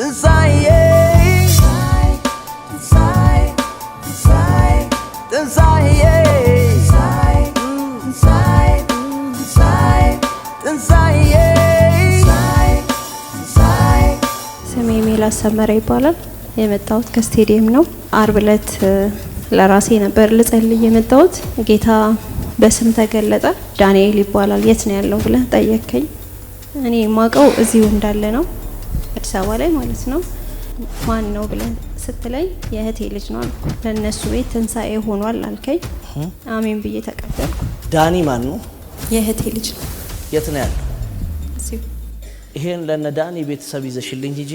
ስሜ ሜላት ሰመረ ይባላል። የመጣሁት ከስቴዲየም ነው። አርብ ለራሴ ነበር ልጸልይ የመጣሁት። ጌታ በስም ተገለጠ። ዳንኤል ይባላል የት ነው ያለው ብለህ ጠየከኝ። እኔ የማውቀው እዚሁ እንዳለ ነው አዲስ አበባ ላይ ማለት ነው። ማን ነው ብለን ስትለኝ የእህቴ ልጅ ነው አልኩ። ለእነሱ ቤት ትንሣኤ ሆኗል አልከኝ። አሜን ብዬ ተቀበልኩ። ዳኒ ማን ነው? የእህቴ ልጅ ነው። የት ነው ያለው? ይሄን ለነ ዳኒ ቤተሰብ ይዘሽልኝ ሂጂ።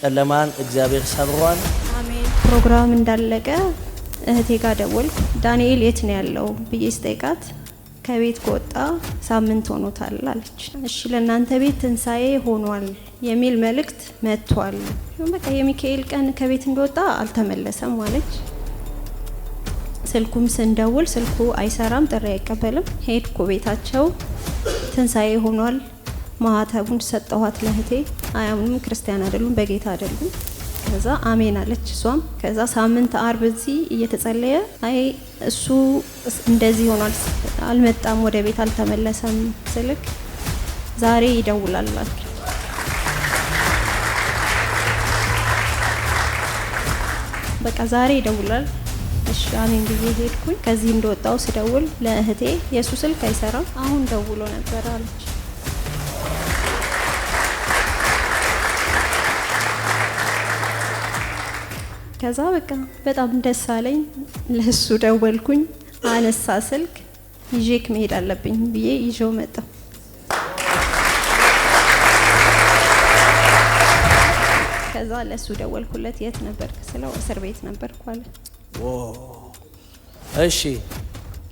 ጨለማን እግዚአብሔር ሰብሯል። ፕሮግራም እንዳለቀ እህቴ ጋር ደወልኩ። ዳንኤል የት ነው ያለው ብዬ ስጠይቃት ከቤት ከወጣ ሳምንት ሆኖታል አለች። እሺ ለእናንተ ቤት ትንሳኤ ሆኗል የሚል መልእክት መጥቷል። በቃ የሚካኤል ቀን ከቤት እንደወጣ አልተመለሰም አለች። ስልኩም ስንደውል ስልኩ አይሰራም፣ ጥሪ አይቀበልም። ሄድኩ ቤታቸው ትንሳኤ ሆኗል። ማህተቡን ሰጠኋት ለህቴ አያምኑም፣ ክርስቲያን አይደሉም፣ በጌታ አይደሉም። ከዛ አሜን አለች እሷም። ከዛ ሳምንት አርብ እዚህ እየተጸለየ አይ እሱ እንደዚህ ሆኗል፣ አልመጣም፣ ወደ ቤት አልተመለሰም ስልክ ዛሬ ይደውላል አልክ። በቃ ዛሬ ይደውላል። እሺ አሜን ብዬ ሄድኩኝ። ከዚህ እንደወጣው ስደውል ለእህቴ የእሱ ስልክ አይሰራም፣ አሁን ደውሎ ነበር አለች። ከዛ በቃ በጣም ደስ አለኝ። ለሱ ደወልኩኝ፣ አነሳ ስልክ። ይዤክ መሄድ አለብኝ ብዬ ይዤው መጣሁ። ከዛ ለሱ ደወልኩለት። የት ነበርክ ስለው እስር ቤት ነበርኩ አለ። እሺ፣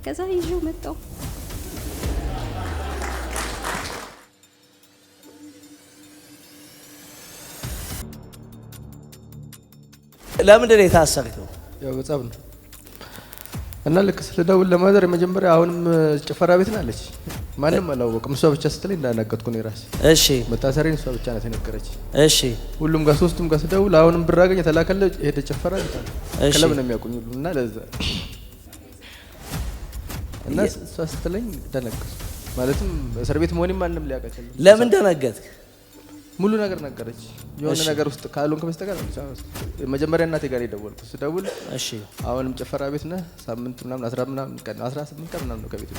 ከዛ ይዤው መጣሁ። ለምንድን ነው የታሰርከው? ያው በጸብ ነው እና ልክ ስልደውል ለማዘር የመጀመሪያ አሁንም ጭፈራ ቤት ናለች። ማንም አላወቅም። እሷ ብቻ ስትለኝ እንዳናገጥኩ ነው የራሴ። እሺ መታሰሬን እሷ ብቻ ናት የነገረች። እሺ ሁሉም ጋር ሶስቱም ጋር ስደውል አሁንም ብር አገኘ ተላከለ ሄደ ጭፈራ ቤት ነው ክለብ ነው የሚያውቁኝ ሁሉ እና ለዛ እና እሷ ስትለኝ ደነገጥኩ። ማለትም እስር ቤት መሆኔም ማንም ሊያውቅ አይችልም። ለምን ደነገጥክ? ሙሉ ነገር ነገረች። የሆነ ነገር ውስጥ ካልሆንክ በስተቀር መጀመሪያ እናቴ ጋር የደወልኩት ስደውል አሁንም ጭፈራ ቤት ነህ ሳምንት ምናምን አስራ ምናምን አስራ ስምንት ቀን ምናምን ነው ከቤት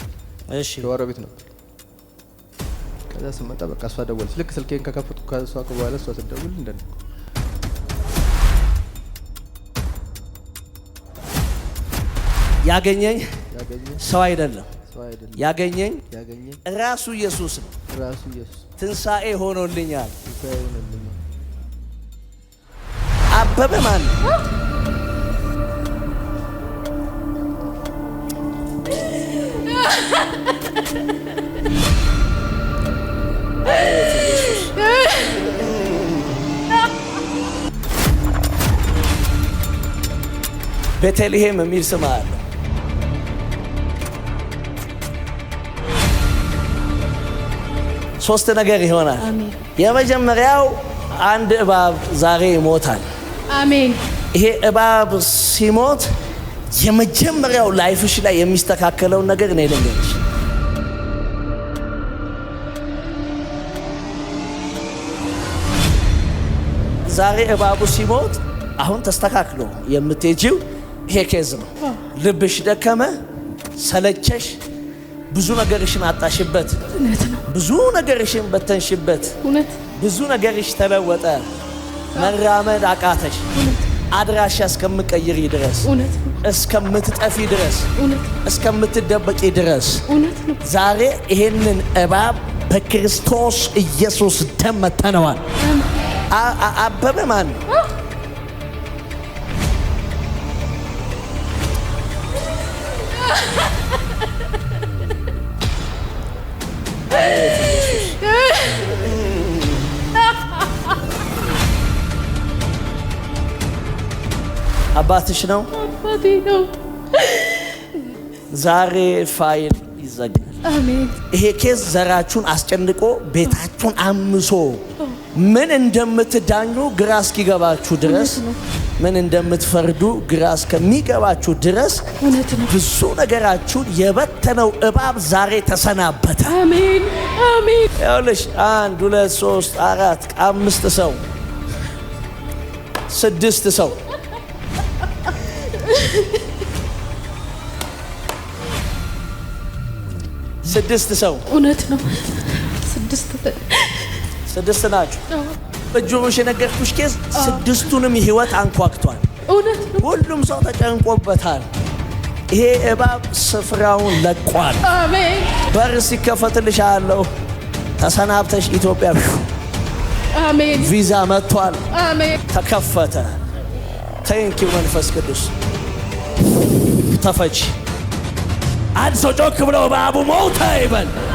የወረ ቤት ነበር። ከዛ ስመጣ በቃ እሷ ደወለች። ልክ ስልኬን ከከፈትኩ ከእሷ በኋላ እሷ ስደውል እንደ ያገኘኝ ሰው አይደለም ያገኘኝ ራሱ ኢየሱስ ነው። ትንሣኤ ሆኖልኛል። አበበ ማን ቤተልሔም የሚል ስም አለ። ሶስት ነገር ይሆናል። የመጀመሪያው አንድ እባብ ዛሬ ይሞታል። አሜን። ይሄ እባብ ሲሞት የመጀመሪያው ላይፍሽ ላይ የሚስተካከለውን ነገር ነው የለንገች ዛሬ እባቡ ሲሞት አሁን ተስተካክሎ የምትሄጂው ይሄ ኬዝ ነው። ልብሽ ደከመ፣ ሰለቸሽ ብዙ ነገርሽን አጣሽበት። ብዙ ነገርሽን በተንሽበት። ብዙ ነገርሽ ተለወጠ። መራመድ አቃተሽ። አድራሻ እስከምቀይሪ ድረስ እስከምትጠፊ ድረስ እስከምትደበቂ ድረስ ዛሬ ይሄንን እባብ በክርስቶስ ኢየሱስ ደም መተነዋል። አበበ ማን አባትሽ ነው? አባቴ ነው። ዛሬ ፋይል ይዘጋል። ይሄ ኬስ ዘራችሁን አስጨንቆ ቤታችሁን አምሶ ምን እንደምትዳኙ ግራ እስኪገባችሁ ድረስ ምን እንደምትፈርዱ ግራ እስከሚገባችሁ ድረስ ብዙ ነገራችሁን የበተነው እባብ ዛሬ ተሰናበተ። አሜን አሜን። ይኸውልሽ አንድ ሁለት ሶስት አራት አምስት ሰው ስድስት ሰው ስድስት ሰው እውነት ነው። ስድስት ስድስት ናቸው። እጆሮሽ የነገርኩሽ ኬዝ ስድስቱንም ህይወት አንኳክቷል። እውነት ነው። ሁሉም ሰው ተጨንቆበታል። ይሄ እባብ ስፍራውን ለቋል። በር ሲከፈትልሽ አለው ተሰናብተሽ ኢትዮጵያ አሜን። ቪዛ መጥቷል። ተከፈተ። ተንኪው መንፈስ ቅዱስ ተፈች አንድ ሰው ጮክ ብለው እባቡ ሞተ ይበል።